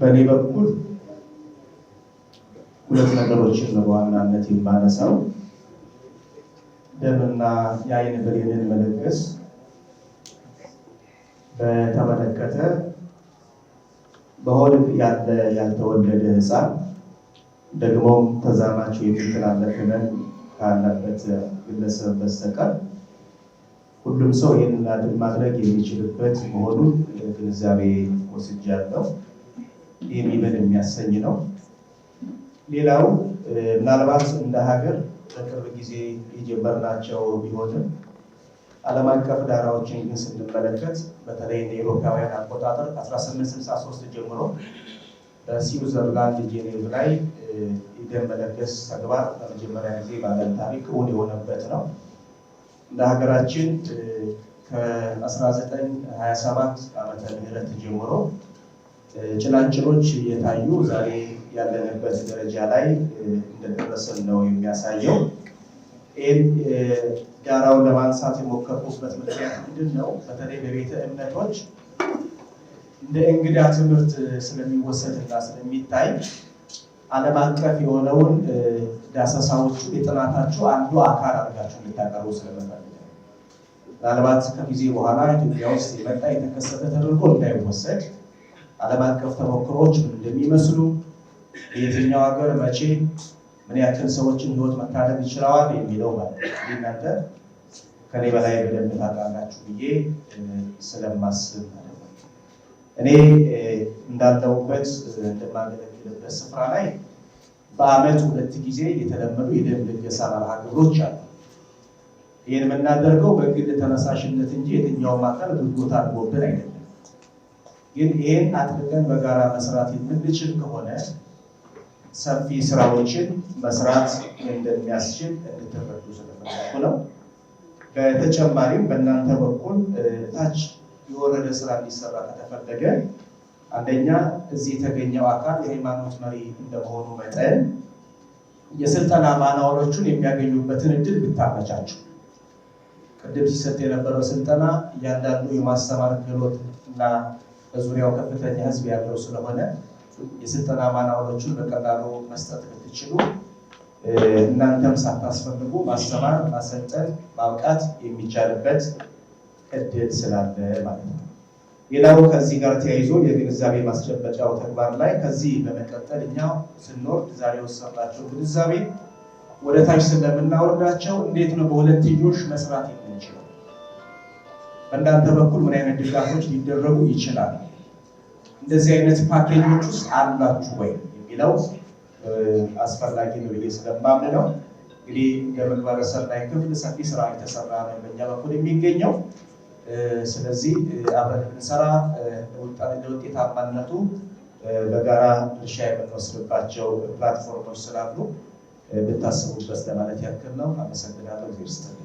በእኔ በኩል ሁለት ነገሮችን ነው በዋናነት የማነሳው። ደምና የአይን ብሌንን መለገስ በተመለከተ በሆድ ያለ ያልተወለደ ሕፃን ደግሞም ተዛማቸው የሚተላለፍ ሕመም ካለበት ግለሰብ በስተቀር ሁሉም ሰው ይህንን ማድረግ የሚችልበት መሆኑን ግንዛቤ ወስጃለሁ። የሚበል የሚያሰኝ ነው። ሌላው ምናልባት እንደ ሀገር በቅርብ ጊዜ የጀመርናቸው ቢሆንም ዓለም አቀፍ ዳራዎችን ግን ስንመለከት በተለይ እንደ ኤሮፓውያን አቆጣጠር 1863 ጀምሮ በስዊዘርላንድ ጄኔቭ ላይ የደም መለገስ ተግባር በመጀመሪያ ጊዜ በዓለም ታሪክ እውን የሆነበት ነው። እንደ ሀገራችን ከ1927 ዓመተ ምህረት ጀምሮ ጭላንጭሎች እየታዩ ዛሬ ያለንበት ደረጃ ላይ እንደደረሰን ነው የሚያሳየው። ዳራውን ለማንሳት የሞከርኩበት ምክንያት ምንድን ነው? በተለይ በቤተ እምነቶች እንደ እንግዳ ትምህርት ስለሚወሰድና ስለሚታይ ዓለም አቀፍ የሆነውን ዳሰሳዎቹ የጥናታችሁ አንዱ አካል አድርጋችሁ እንድታቀርቡ ስለመፈልግ ምናልባት ከጊዜ በኋላ ኢትዮጵያ ውስጥ የመጣ የተከሰተ ተደርጎ እንዳይወሰድ ዓለም አቀፍ ተሞክሮዎች ምን እንደሚመስሉ የትኛው ሀገር መቼ ምን ያክል ሰዎችን ህይወት መታደግ ይችለዋል የሚለው ማለት እናንተ ከኔ በላይ በደንብ ታውቃላችሁ ብዬ ስለማስብ ማለት ነው። እኔ እንዳለውበት እንደማገለግልበት ስፍራ ላይ በአመት ሁለት ጊዜ የተለመዱ የደም ልገሳ መርሃ ግብሮች አሉ። ይህን የምናደርገው በግል ተነሳሽነት እንጂ የትኛውም አካል ጉልጎታ አድጎብን አይደለም። ግን ይህን አጥልለን በጋራ መስራት የምንችል ከሆነ ሰፊ ስራዎችን መስራት እንደሚያስችል እንድትረዱ ስለፈለኩ ነው። በተጨማሪም በእናንተ በኩል ታች የወረደ ስራ እንዲሰራ ከተፈለገ አንደኛ እዚህ የተገኘው አካል የሃይማኖት መሪ እንደመሆኑ መጠን የስልጠና ማናወሮቹን የሚያገኙበትን እድል ብታመቻችሁ። ቅድም ሲሰጥ የነበረው ስልጠና እያንዳንዱ የማስተማር ክህሎት እና በዙሪያው ከፍተኛ ህዝብ ያለው ስለሆነ የስልጠና ማናወሎችን በቀላሉ መስጠት ብትችሉ እናንተም ሳታስፈልጉ ማስተማር፣ ማሰልጠን፣ ማብቃት የሚቻልበት እድል ስላለ ማለት ነው። ሌላው ከዚህ ጋር ተያይዞ የግንዛቤ ማስጨበጫው ተግባር ላይ ከዚህ በመቀጠል እኛ ስንወርድ ዛሬ ወሰድናቸው ግንዛቤ ወደ ታች ስለምናወርዳቸው እንዴት ነው በሁለትዮሽ መስራት በእናንተ በኩል ምን አይነት ድጋፎች ሊደረጉ ይችላል? እንደዚህ አይነት ፓኬጆች ውስጥ አላችሁ ወይ የሚለው አስፈላጊ ነው ብዬ ስለማምን ነው። እንግዲህ ለምግባረ ሰላይ ክፍል ሰፊ ስራ የተሰራ ነው በእኛ በኩል የሚገኘው። ስለዚህ አብረን ብንሰራ ለውጤታማነቱ በጋራ ድርሻ የምንወስድባቸው ፕላትፎርሞች ስላሉ ብታስቡበት ለማለት ያክል ነው። አመሰግናለሁ። ዩኒቨርስቲ